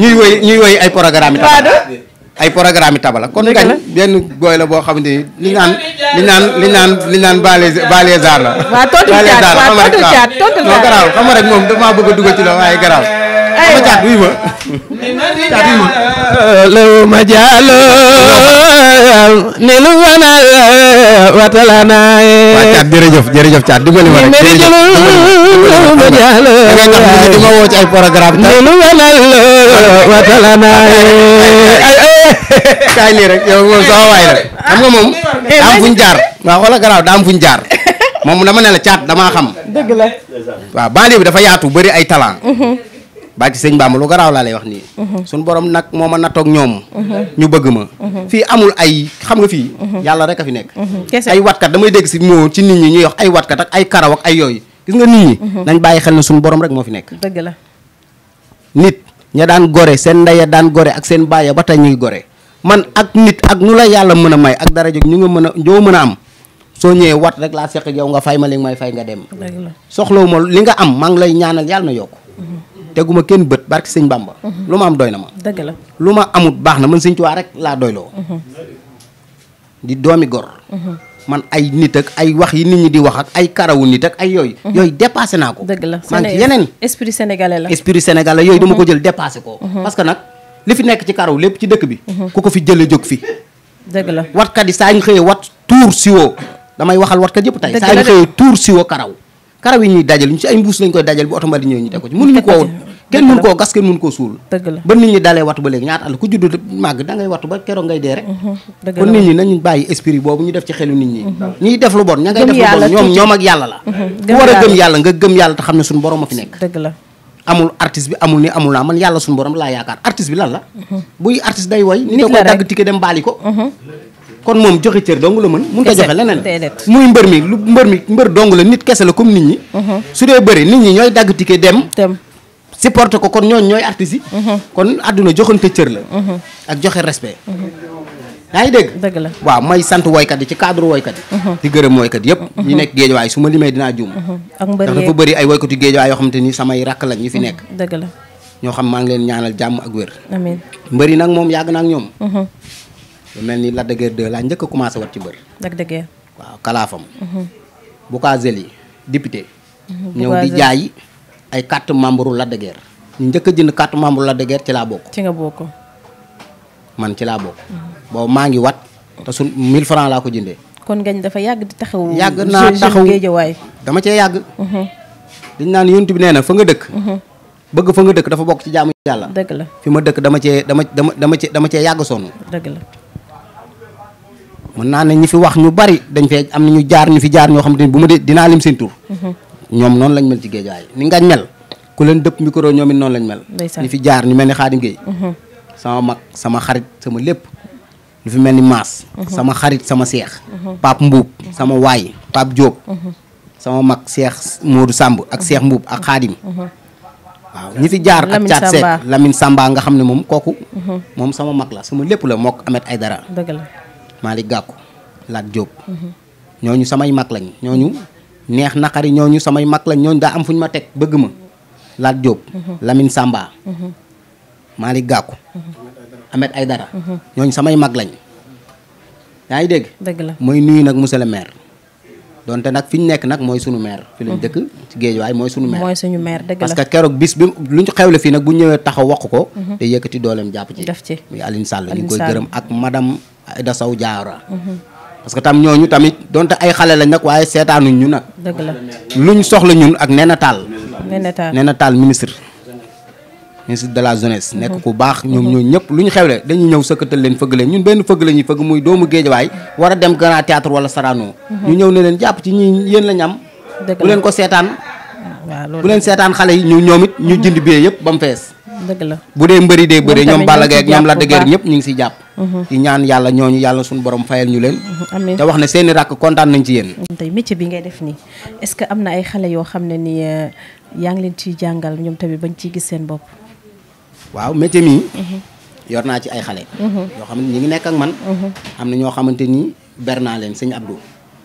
ñuy woy ñuy woy ay programme yi. ay programme yi tabala kon ngañ benn booy la boo xamante ni li naan li naan li naan li naan bale balesar caat waaw tontu caat tontu garaaw xam rek moom dafa maa bëgg a dugal ci la waaye caat wuy ma caat wuy ma law lu wana watala jërëjëf watala naay kaay nii rek yow moom sama waay rek xam nga moom daam fuñ jaar waaw xoola garaaw daam fuñ jaar moom dama ne la caat damaa xam dëgg la waaw banlieue bi dafa yaatu bëri ay talent baa ci sëñ Bamba lu garaaw laa lay wax nii suñ borom nag moo ma nattoog ñu bëgg ma fii amul ay xam nga fii yàlla rek fi nekk ay watkat damay dégg si moo ci nit ñi ñuy wax ay watkat ak ay karaw ak ay yooyu gis nga nit ñi nañ bàyyi xel ne suñu borom rek moo fi nekk dëgg la nit ña daan gore sen ndaya daan gore ak sen baye ba tey ñu gore man ak nit ak nula yalla mëna may ak dara jóg ñu nga mëna a mëna am so ñëwee wat rek la xéx yow nga fay ma li may fay nga dem soxlo mo li nga am maa ngi lay ñaanal yalla na yok mhm. téguma kenn bëtt bark señ bamba mhm. luma am doy ma dëgg la luma amut baxna man señ tuwa rek la doylo mhm. di doomi gor man ay nit ak ay wax yi nit ñi di wax ak ay karawu nit ak ay yooyu mhm. yooyu dépassé naa ko dëgg la maa ngi yeneen esprit sénégalais la esprit yooyu dama ko mhm. jël dépassé ko mhm. parce que nag li fi nekk ci karaw lépp ci dëkk bi ku ko fi jële jóg fi dëgg la watkat yi saa ñu xëyee wat tuur siwoo damay waxal watkat yëpp tey saa ñu xëyee tuur siwoo karaw karaw yi ñuy dajal ñu ci ay mbuus lañ koy dajal bi otomali ñëw ñu teg ko ci mënuñu ko woon ken mun ko gas ko mun koo suul ba nit ñi dalé wattu ba léegi ñaat àll ku juddu mag da ngay wattu ba kéro ngay dee rek mhm. kon nit ñi nañu bayyi esprit bobu ñu def ci xélu nit ñi mhm. ñi def lu bon ña ngay def lu bon ñom ñom ak yalla la mhm. ku wara gëm yalla nga gëm yalla ta xam suñu borom fi nek deug la amul artiste bi amul ni amul naa man yalla suñu borom la yaakar artiste bi lan la buy artiste day way ni ko dag tiké dem baliko ko kon mom joxe cër dong la mën mun ta joxe lenen muy mbeur mi mbeur mi mbeur dong la nit kese comme nit ñi su dé bëri nit ñi ñoy dag tiké dem supporter ko kon ñooñu ñooy artistes yi. Mhm. kon àdduna joxante cër la. Mhm. ak joxe respect. Mhm. yaa ngi dégg. dëgg la waaw may sant woykat yi ci cadre woykat yi. di gërëm woykat yëpp. ñi nekk géejawaay su ma limee dinaa juum. ak mbër dafa bëri ay woykat yu géejawaay yoo xam te ni samay rakk lañ ñu fi nekk. dëgg la ñoo xam maa ngi leen ñaanal jàmm ak wér. amiin mbëri nag moom yàgg na ak ñoom. lu mel ni de Guiers 2 commencé wat ci mbër. Lac de Guiers. waaw kalaafam. bu kaa zeli député. ñëw di jaay ay carte membre la de guerre ñu njëkk jënd carte membre la de guerre ci la bok ci nga bok man ci la bok mhm. bo ma ngi wat ta sun 1000 francs la ko jëndé kon gañ dafa yag di taxaw. yag mhm. na taxaw way dama ci yag hmm dañ nan yoonte bi neena fa nga dëkk. hmm bëgg fa nga dëkk dafa bok ci jaamu yalla dëgg la fi ma dëkk dama ci dama dama ci dama ci yag sonn. dëgg la. mën na ne ñi fi wax ñu bari dañ fi am ñu jaar ñu fi jaar ño xam te ne bu lim seen tur. Mhm. Nyom non lañ mel ci géejaay ni nga mel ku leen dëpp micro ñoom it lañ mel ni fi jaar ñu mel mhm. sama mak sama xarit sama lépp lu fi mel mhm. sama xarit sama siak, mhm. pap mbuub sama wai, pap diop sama mak siak modou samb ak seex mbuub ak xaadim waaw fi jaar ak caat seek lamine samba nga xam ne koku, kooku sama mag la sama lépp la amet ay dara dëgg la malik gàkku laat diop ñooñu samay mag lañ neex naqari ñooñu samay mag lañ ñooñu daa am fu ñu ma teg bëgg ma Lat Diop mhm. Lamine Samba mhm. Malick Gakou mhm. Ahmed Aïdara ñooñu samay mag lañ yaa ngi dégg dëgg la mooy nuyu nag monsieur le maire donte nag fi ñu nekk nag mooy sunu maire fi lañ dëkk ci géejuwaay mooy sunu maire mooy suñu maire dëgg la parce que keroog bis bi lu ñu xewle fii nag bu ñëwee taxaw wax ko te yëkkati dooleem jàpp ci def ci muy Aline ñu koy gërëm ak madame Aïda Sow parce que tam ñooñu tamit donte ay xale lañ nag waaye seetaanuñ ñu nag. dëgg la luñ soxla ñun ak Néné Tall. Néné Tall Néné Tall ministre. ministre de la jeunesse. nekk ku baax ñoom ñoo ñëpp lu ñu xewle dañuy ñëw sëkkatal leen fëgg leen ñun benn fëgg la ñuy fëgg muy doomu géejawaay war a dem Grand Théâtre wala Sarano. ñu ñëw ne leen jàpp ci ñi yéen lañ am. bu leen ko seetaan. Ah, bu leen seetaan xale yi ñu ñoom it ñu jënd bee yëpp ba fees. dëgg la de dee mbëri dee bëri ñoom Balla ak ñoom Lac de Guiers ñëpp ñu si jàpp mhm. ñaan yàlla ñooñu yàlla suñu borom fayal ñu leen mhm. amiin te wax ne seeni rakk kontaan nañ ci yéen tey métier bi ngay def ni est-ce que am na ay xale yo xam ne ni euh, yaa leen ciy jàngal ñoom tamit bañ ciy gis seen bopp waaw métier mi mhm. yor na ci ay xale yoo xam ne ngi nekk ak man am na ñoo xamante ni ber naa leen sëñ Abdou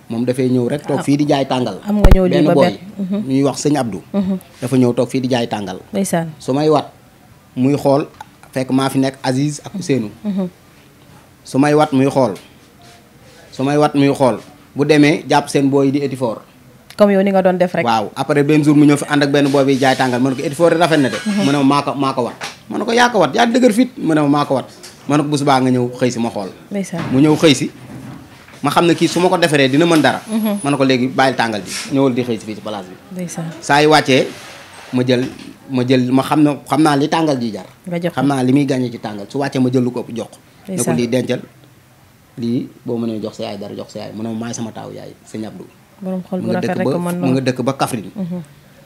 moom dafay ñëw rek toog ah. fi di jaay tangal am nga ñëw benn booy ñuy wax sëñ Abdou dafa ñëw toog fi di jaay tàngal ndeysaan su wat muy xool fekk maa fi nekk Aziz ak Ousseynou mhm. su may wat muy xool su may wat muy xool bu demee jàpp seen booy di étifor comme yow ni nga doon def rek waaw après benn jour mu ñëw fi ànd ak benn booy bi jaay tàngal ma ne ko étifor di mhm. ma ko maa ko wat ma ne ko yaa ko wat yaa dëgër fit mu ne ma ko wat ma a ko bu subaa nga ñëw xëy si ma xool mu ñëw xëy si ma xam ne kii su ma ko defaree dina mën dara mhm. ma ne ko léegi bàyyil tàngal ji ñëwal di xëy si fii ci place bi saa yi wàccee ma jël ma jël ma xam ne xam naa li tàngal ji jar. nga jox xam naa li muy gàññe ci tàngal su wàccee ma jël lu ko jox. ne ko lii dencal lii boo mënee jox sa yaay dara jox sa yaay mu maay sama taaw yaay sëñ Abdou. borom xol bu rafet mu nga dëkk ba Kaffrine. Mhm.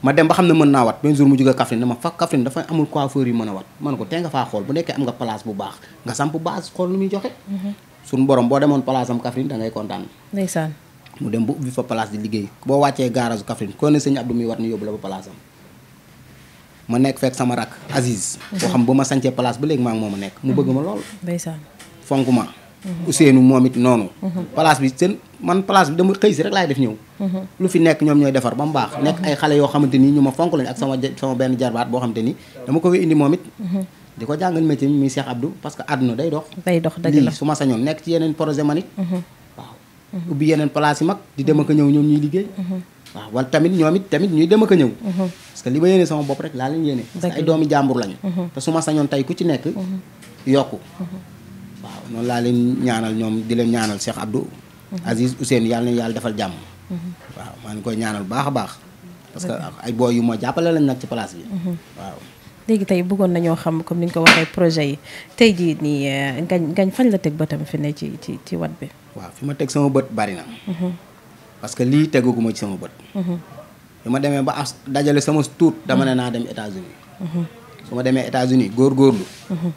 ma dem ba xam ne mën naa wat benn jour mu jóge Kaffrine dama fa Kaffrine dafa amul coiffeur yu mën a wat man ko tee nga faa xool bu nekkee am nga place bu baax nga samp base xool lu muy joxe. Mhm. suñu borom boo demoon place am Kaffrine da ngay kontaan. ndeysaan mu dem ba ubbi fa place di liggéey boo wàccee garage Kaffrine ko ne sëñ Abdou muy ni yóbbu la ba place am ma nekk fekk sama rakk Aziz. boo xam ba ma sancee place ba léegi maa moom a nekk mu bëgg ma lool. fonk ma. Ousseynou moom it noonu. place bi seen man place bi dama ba mu baax. nekk ay xale yoo xamante ni ñu ma ko fi indi moom it. di ko jàngal métier mi muy Cheikh Abdou àdduna day dox. lii su ma sañoon nekk ci yeneen projet man it. Mhm. ubbi yeneen place yi mag di dem ak a ñëw ñoom ñuy liggéey. waaw wan tamit ñoom it tamit ñuy dem ak a ñëw mhm. parce que li ma yéene sama bopp rek laa leen yéene parce que ay doomi jàmbur lañu mhm. te su ma sañoon tey ku ci nekk mhm. yokku waaw noonu laa leen ñaanal ñoom di leen ñaanal Cheikh Abdou Aziz Ousseynou yàlla nañu yàlla defal jàmm waaw maa ngi koy ñaanal baax a baax parce ay booy yu ma jàppale lañ nag ci place bi waaw léegi tey bëggoon nañoo xam comme ni nga ko waxee projet yi tey jii nii eh, gañ gañ fañ la teg bëtam fi ne ci ci ci wat bi waaw fi ma teg parce que c'est tegaguma ci sama bët. hmm bima je ba dajalé sama tout dama ne naa dem États-Unis hmm suma démé États-Unis je mhm.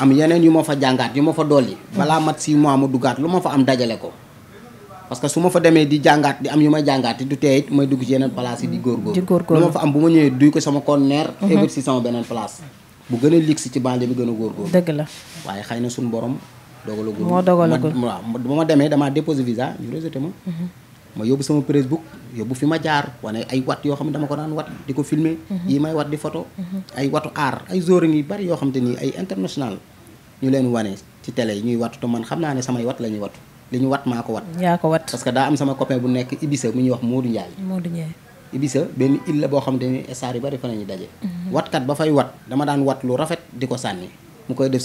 am yenen yu ma fa jangat yu ma fa doli balaa mat six mois ma duggaat Je fa am dajalé ko. parce que suma fa démé di jangat di am yu may jàngaat du je it may dugg ci yenen place yi di gor gor ma fa am buma ma duy ko sama corner mhm. si sama beneen place. bu gëna a ci bi la waye xayna sun borom. visa ma yóbbu sama Facebook yóbbu fi ma jaar wane ay wat yoo xam ne dama ko daan wat di ko filmer mhm. yi may wat di photo mhm. ay watu aar ay zorin yu bari yoo xam ni ay international ñu leen wane ci télé yi ñuy watu te man xam naa ne samay wat la wat maa ko wat yaa ko wat parce daa am sama copain bu nekk Ibisa mu ñuy wax Modou Ndiaye Modou Ibisa benn île boo xam te ni star yu bari fa nañu daje mhm. watkat ba fay wat dama daan wat lu rafet di ko sànni mu koy def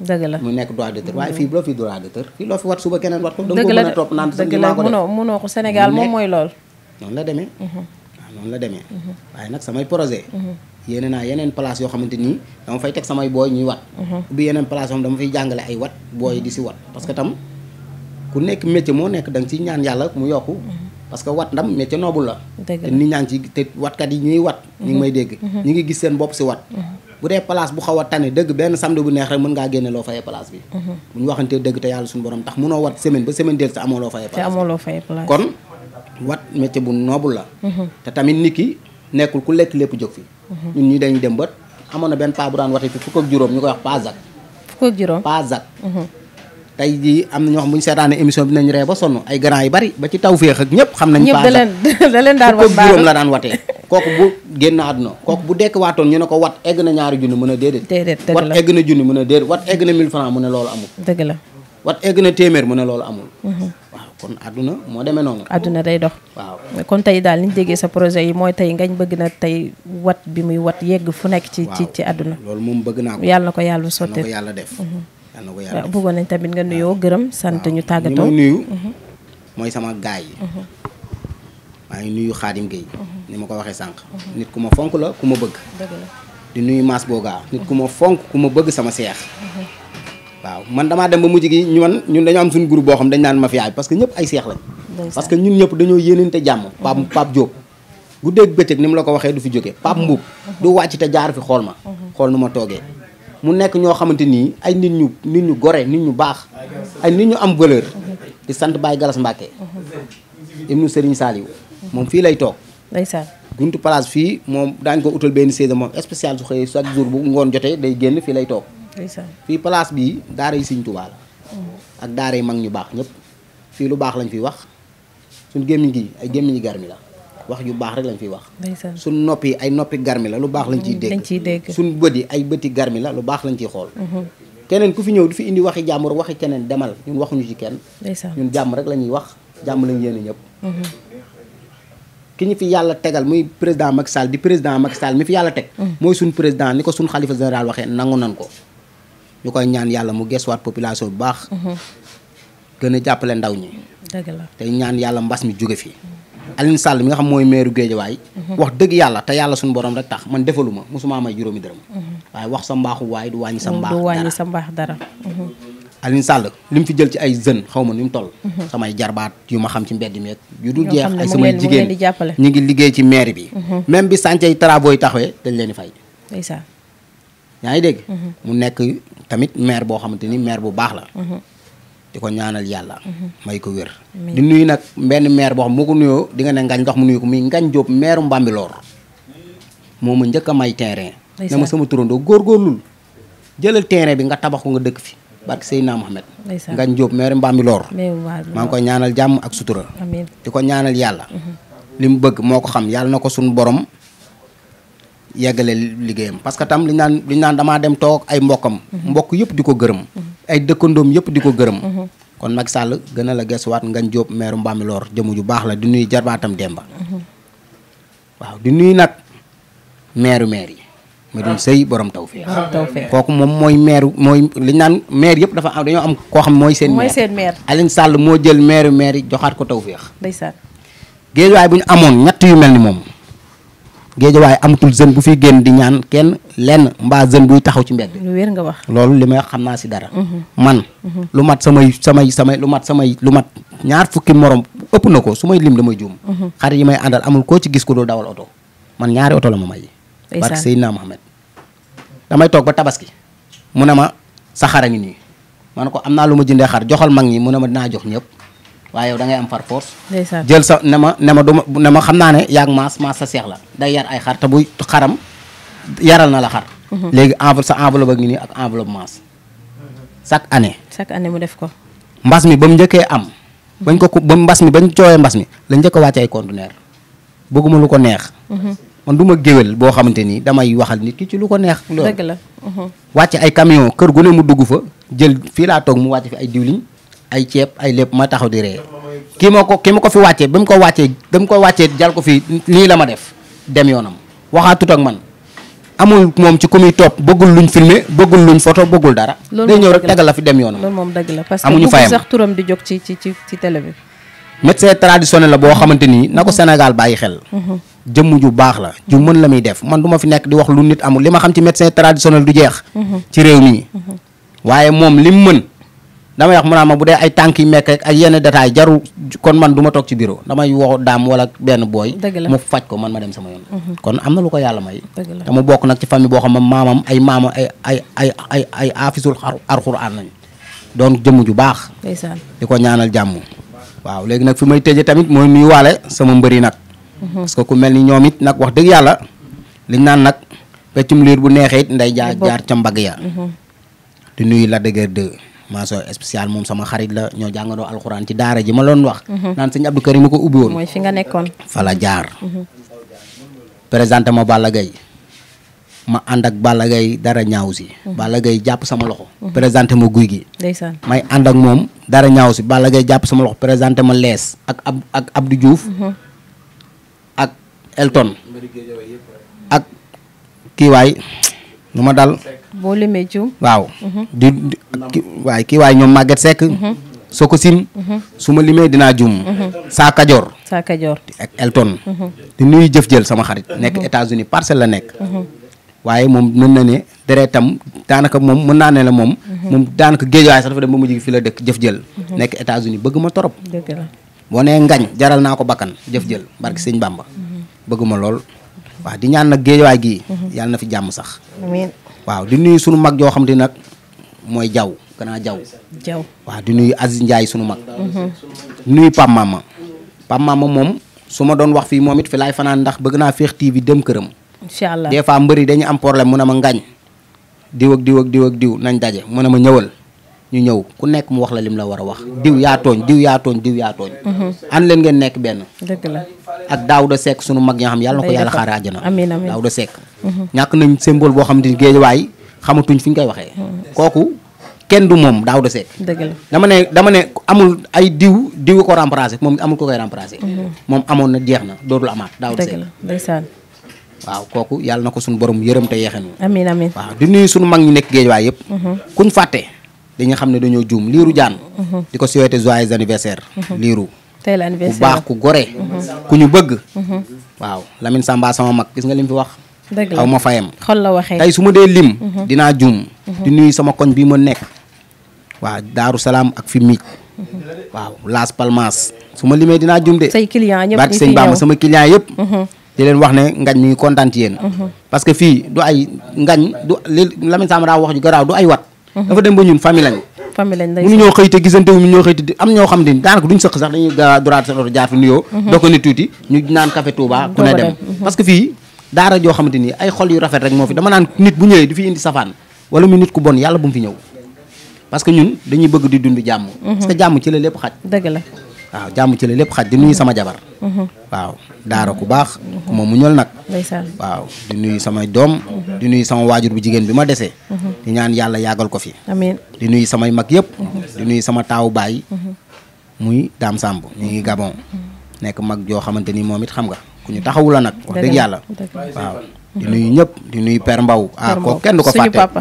dëgg la mu nekk droit d'auteur waaye mm. fii loo fi droit d'auteur fii loo fi wat suba keneen wat ko da nga a topp naan dëgg la mënoo mënoo ko Sénégal moom mooy lool noonu la demee mm-hmm. ah, mm-hmm. waaye nag samay projet mm-hmm. yéene naa yeneen place yoo xamante nii dama fay teg samay booy ñuy wat ubbi yeneen place yoo xam dama fay jàngale ay wat booy di si wat parce que tam ku nekk métier moo nekk da nga ñaan yàlla mu yokku parce que wat ndam métier noble la te nit ñaa ngi bude place bu xawa a tane dëgg benn samedi bu neex rek mën nga génne lo fayé place bi mhm. bu ñu waxantee dëgg te yàlla suñu borom tax mëno wat semaine ba semaine del te amoo amolo fayé place kon wat metti bu noble la mhm. té tamit niki nekul ku lek lepp jóg fi mhm. ñun ñi dañuy dem ba amoon ben pa bu daan waxé fi fuk ak juroom ñuko koy wax pazak fuk ak juroom pazak tey jii am na ñoo xam bu ñu seetaanee émission bi nañu ree ba ay grand yi bari ba ci taw ak ñëpp xam nañu pazak <laughs> fukk ak ba la daan watee <laughs> kooku bu génn àdduna kooku bu dekk waatoon ñu ne ko wat egg na ñaari junni mu ne déedéet déedéet wat egg na junni mu ne déedéet wat egg na mille francs mu ne loolu amul dëgg la wat egg mhm. kon àdduna moo demee noonu àdduna day dox kon tey daal liñ déggee sa projet yi mooy tey ngañ bëgg na tey wat bi muy wat yegg fu nekk ci ci ci àdduna loolu moom bëgg naa ko yàlla na ko ko yàlla def mhm. yàlla na ko yàlla def bëggoon nañ tamit nga nuyoo gërëm sant ñu tàggatoo nuyu mhm. mooy sama gaay yi maa ngi nuyu Xaadim Gueye mhm. ni ma ko waxee sànq mhm. nit ku ma fonk la ku ma bëgg di nuyu Mass Boga nit ku ma mhm. fonk ku ma bëgg sama seex waaw man damaa dem ba mujj gi ñu man ñun dañoo am suñu groupe boo xam dañ naan mafia bi parce que ñëpp ay seex lañ parce que ñun ñëpp dañoo yéenante jàmm Pape Pape Diop guddeeg bëccëg ni mu la ko waxee du fi jóge Pape Mbuub du wàcc te jaar fi xool ma xool nu ma toogee mu nekk ñoo xamante nii ay nit ñu nit ñu gore nit ñu baax ay nit ñu am valeur di sant Baye Galas Mbacke ibnu Serigne Saliou moom fii lay toog. ndeysaan guntu fii moom daañ ko utal benn saison moom spécial su xëyee chaque jour bu ngoon jotee day génn fii lay toog. ndeysaan fii place bii daara yi Sëñ Tuubaa la. Mm. ak daara yi mag ñu baax ñëpp fii lu baax lañ fi wax suñ gémmiñ gi ay gémmiñi garmi la wax ju baax rek lañ fiy wax. suñ nopp yi ay noppi garmi la lu baax lañ ciy mm, dégg. ciy dégg suñ bët yi ay bëti garmi la lu baax lañ ciy xool. Mm-hmm. keneen ku fi ñëw di fi indi waxi jàmbur waxi keneen demal ñun waxuñu ci kenn. ñun jàmm rek la ñuy wax jàmm lañ yéene ñëpp. Mm-hmm. ki ñu fi yàlla tegal muy président Macky Sall di président Macky Sall mi fi yàlla teg. Mm. mooy suñ président ni ko suñ xalifa général waxee nangu nan ko. ñu koy ñaan yàlla mu gestuwaat population bu baax. Mm-hmm. gën a mi jóge fi. Aline Sall mi nga xam mooy maire Guédiawaye mm-hmm. wax dëgg yàlla te yàlla suñu borom rek tax man defalu ma mosuma may juróomi dërëm. Mm-hmm. waaye wax sa mbaaxu waay du wàññi sa mm, du wàññi sa mbaax dara. Alin Sall lim fi jël ci ay jeunes xawma nim ni mu toll mhm. samay jarbaat yu ma xam ci mbedd mi yu du jeex ay sama jigen ñi ngi liggéey ci maire bi mhm. même bi sàncay travaux yi dañ leen fay ndeysaan yaa dégg mhm. mu nekk tamit maire bo xamanteni maire bu baax la di ñaanal yalla may ko wër di nuyu nak benn maire bo xam moo ko di nga ne ngañ dox mu nuyu ko mi ngañ job maire mbambi lor moma may terrain gor jëlal terrain bi nga tabax ko nga dëkk fi barke seyna mohammed Ngagne Diop maire mbami lor ngi koy ñaanal jàmm ak sutura amin diko ñaanal yalla mhm. lim bëgg moko xam yalla nako sun borom yeggale ligéyam parce que tam li ñaan li ñaan dama dem yup ay mbokam mhm. mbok yëpp diko mhm. ay yëpp diko kon mak Sall la gess la gesuwaat Ngagne Diop mbami lor jëmu ju bax la di nuy jarbatam Demba waaw di nuy nak mère mère Medoune Seye borom tawfeex. borom tawfeex kooku moom mooy maire mooy li ñu naan maire yëpp dafa am dañoo am koo moo jël maire yu maire yi joxaat ko tawfeex. ndeysaan. géejawaay bu amoon ñett yu mel ni moom géejawaay amatul jeune bu fiy génn di ñaan kenn lenn mbaa jeune taxaw ci mbedd. lu wér nga wax li may xam naa si dara. Mhm. man mhm. lu mat samay samay samay lu mat samay lu mat ñaar fukki morom ëpp na ko su may lim damay juum. Mhm. xarit yi may àndal amul koo ci gis ko doo dawal oto man ñaari oto la ma may. barke Seydina Mohamed damay toog ba tabaski mu ne ma sa xar a ngi nii ma ne ko am naa lu ma jëndee xar joxal mag ñi mu ne ma dinaa jox ñëpp waaye yow da am par force jël sa ne ma ne ma du ma ne ma xam naa ne yaag maas maas sa seex la day yar ay xar te buy xaram yaral na la xar mhm. léegi enveloppe sa enveloppe a ngi nii ak enveloppe maas chaque année chaque année mu def ko mbas mi ba mu njëkkee am bañ ko ba mbas mi bañ coowee mbas mi la njëkk a wàcce ay conteneur bëgguma lu ko neex mhm. man du ma géwél boo xamante ni damay waxal nit ki ci lu ko neex. dëgg la uh-huh. wàcc ay camion kër gu ne mu dugg fa jël fii laa toog mu wàcc fi ay diwliñ ay ceeb ay lépp ma taxaw di ree kii ko kii ma ko wàccee ba mu ko wàccee ba mu wàccee jal ko fi lii la ma def dem yoonam waxaatut ak man amul moom ci ku muy topp bëggul luñ filmer bëggul luñ foto bëggul dara. day ñëw rek tegal la fi dem yoonam. loolu moom dëgg la parce que amuñu fayam sax turam di jóg ci ci ci ci télé bi. médecin la boo xamante ni na ko mmh. Sénégal bàyyi xel. Mmh. jëm ju bax la ju mën la def man duma fi nek di wax lu nit amul lima xam ci médecin traditionnel du jeex mhm. ci réew mi mhm. waye mom lim mën dama wax manama budé ay tanki mekk ak ay yene detaay jaru kon man duma tok toog ci damu damay wax dam wala ben boy mu fajj ko man ma dem sama yoon mhm. kon amna na lu ko yàlla may dama bok nak ci fami bo xam mamam ay mama ay ay ay ay ay aafisul Quran lañ don jëm ju bax di diko ñaanal jamm waaw léegi nak fumay teje tamit moy walé sama mbeuri nak Mhm. parce que ku mel ni ñoom it nag wax dëgg yàlla liñ naan nag peccum liir bu neexee it nday jaar jaar ca mbagg ya mhm. di nuyu la dëgër de mention spéciale moom sama xarit la ñoo jàngandoo alxuraan ci daara ji ma loon wax mhm. naan sëñ Abdou Karim ma ko ubbi woon nga nekkoon fa la jaar présenté ma Balla Gaye ma ànd ak Balla Gaye dara ñaaw si Balla Gaye jàpp sama loxo présenté ma guy gi ndeysaan may ànd ak moom dara ñaaw si Balla Gaye jàpp sama loxo présenté ma lees ak ab ak Elton ak kiiwaay lu ma dal. boo limee jiw. Mhm. ki waay kiiwaay ñoom Maguette Seck. Mhm. soo ko sim mhm. su ma limee dinaa jum saa Kajoor saa Kajoor ak Elton di nuyu jëf jël sama xarit nekk États-Unis parcelle la nekk waaye moom mën na ne deretam daanaka moom mën naa ne la moom moom daanaka géejawaay sax dafa dem ba mujj fi la dëkk jëf jël nekk États-Unis bëgg ma torop boo ngañ jaral naa ko bakkan jëf jël barki sëñ Bamba bëgguma lool waaw di ñaan nak geejway gi mhm. yalla na fi jamm sax amin waaw di nuyu sunu mag jo xamni nak moy jaw gëna jaw jaw waaw di nuyu Aziz ndjay sunu mag mhm. nuyu Pam Mama Pam Mama mom suma doon wax fi momit fi lay fanan ndax bëgg naa Fekh TV dem kërëm inshallah des fois mbeuri dañu am problème mu na ma ngañ diw ak diw ak diw ak diw nañ dajé mu na ma ñëwal ñu ñëw ku nekk mu wax la lim la war a wax diw yaa tooñ diw yaa tooñ diw yaa tooñ an mhm. leen ngeen nekk benn dëgg la ak Daouda Seck sunu mag ñaa xam yàlla na ko yàlla xaare àjjana amiin amiin Daouda Seck mhm. ñàkk nañ symbole boo xam ne géejawaay xamatuñ fi ñu koy waxee mhm. kooku kenn du moom Daouda ko remplacé moom amul ko koy remplacé moom na jeex na dootul amaat Daouda Seck dëgg la ndeysaan na ko suñu borom yërëm te yeexenu amiin amiin waaw di nuyu suñu mag ñi kuñ fàtte li nga xam ne dañoo juum jaan mhm. di ko souhaité joyeux anniversaire mhm. liru tey la anniversaire baax ku gore mhm. ku ñu bëgg waaw Lamine Samba sama mag gis nga lim fi wax dëgg fayam xol la lim dinaa juum di sama koñ bi ma nekk waaw Daaru wow, ak fi miij waaw Las Palmas su ma limee dinaa de say client ñëpp barke sëñ Bamba sama client di wax ne ngañ mi kontan kontaan ci yéen parce que fii du ay ngañ du li Lamine Samba wax ju du ay wat dafa dem ba ñun famille lañu famille lañ lay mënuñoo xëy te ñoo xëy te am ñoo xam ne daanaka duñ sëq sax dañuy gaa droit sa jaar fi nuyoo. Mhm. doo ko ne tuuti ñu naan café Touba ku ne dem mhm. parce fii daara joo xamante ni ay xol yu rafet rek moo fi dama naan nit bu ñëwee du fi indi safaan wala mu nit ku bon yàlla bu mu fi ñëw parce ñun dañuy bëgg di dund jàmm mhm. parce jàmm ci la lépp xaj waaw jàmm ci lepp di nuyu sama jabar mhm. waaw daara ku baax ku mu ñol nak waaw di nuyu sama dom mhm. di nuyu sama wajur bu jigen bi ma desee mhm. di ñaan yalla yagal ko fi amin di nuyu sama mak yépp di nuyu sama taw baay muy dam sambu. ñi ngi gabon Nek mag jo xamanteni momit xam nga ku ñu taxawula nak wax deug yalla waaw di nuyu ñëpp di nuyu Père Mbaw ah ko kenn du ko fàtte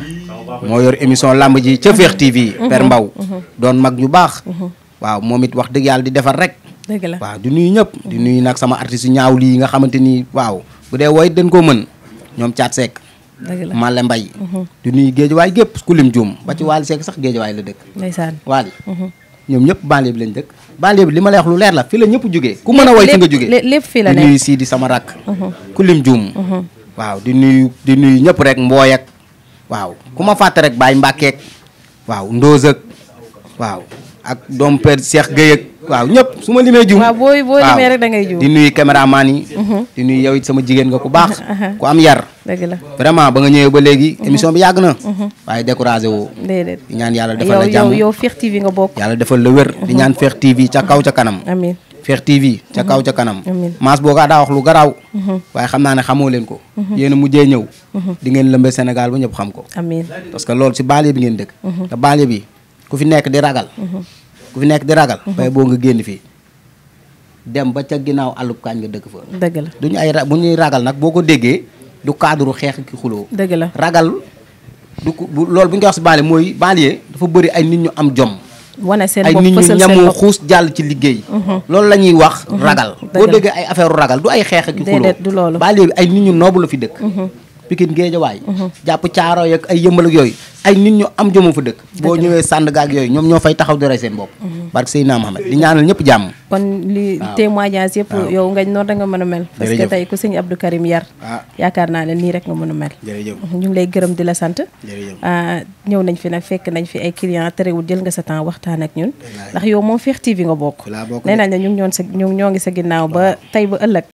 yor émission lamb ji ci fex TV Père Mbaw doon mag ñu baax waaw moom it wax dëgg yàlla di defar rek. dëgg la waaw di nuy ñëpp. di nuyu nag sama artiste yu ñaaw lii nga xamante ni waaw bu dee woy dañ koo mën ñoom caat seek. dëgg la Malle Mbaye. Mhm. di nuyu géejawaay gépp ku lim juum ba ci Waly Seck sax géejawaay la dëkk. ndeysaan Waly. Mhm. ñoom ñëpp banlieue bi lañ dëkk banlieue bi li ma lay wax lu leer la fi la ñëpp jugee ku mën a woy fi nga jugee lépp fi la nekk di nuyu Sidi sama rakk. Mhm. ku lim juum. waaw di nuyu di nuyu ñëpp rek mbooy ak waaw ku ma fàtte rek bàyyi mbàkkeek waaw ndóos ak dom père Cheikh Gueye ak waaw ñep suma limay jum waaw boy boy limay rek da ngay jum di nuy cameraman yi mhm. di nuy yow it sama jigen nga ku bax <laughs> ku am yar deug la vraiment ba nga ñewé ba légui mhm. émission bi yag na mhm. waye décourager wu dedet di ñaan yalla defal la jamm yow yow fex TV nga bok yalla defal le wër di ñaan fex TV ca kaw ca kanam amin fex TV ca kaw ca kanam maas boga da wax lu garaaw waye xamna ne xamoo len ko yeena mujjé ñew di ngeen lembe Sénégal bu ñep xam ko amin parce que lool ci balé bi ngeen dëkk ta balé bi ku fi nekk di ragal. ku fi nekk di ragal. Mhm. bay boo nga génn fii. dem ba ca ginnaaw àllub kaañ nga dëkk fa. dëgg la du ñu ay ñuy ragal nag boo ko déggee du cadre xeex ki xuloo. la ragal du ko loolu bu ñu koy wax si banlieue mooy banlieue dafa bëri ay nit ñu am jom. wane seen bopp ay nit ñu ñamu xuus jàll ci liggéey. Mhm. loolu la ñuy wax mhm. ragal. boo déggee ay affaire ragal du ay xeex ak. yu xuloo déedéet bi ay nit ñu noobu la fi dëkk. Pikine Géejawaay mhm. jàpp caaro yeeg ay yëmbal ak yooyu ay nit ñu am jëmu fa dëkk boo ñëwee Sandaga ak yooyu ñoom ñoo fay taxaw di rey seen bopp mhm. barke Seydina Mohamed di ñaanal ñëpp jàmm kon li témoignage yëpp yow nga noonu da nga a mel parce que tey ku sëñ Abdou Karim yar ah. yaakaar naa ne nii rek nga mën a mel mhm. ñu lay gërëm di la sant ah, ñëw nañ fi nag fekk nañ fi ay client terewul jël nga sa temps waxtaan ak ñun ndax yow moom Fekh TV nga bokk nee ñu ñoo ngi sa ginnaaw ba tey ba ëllëg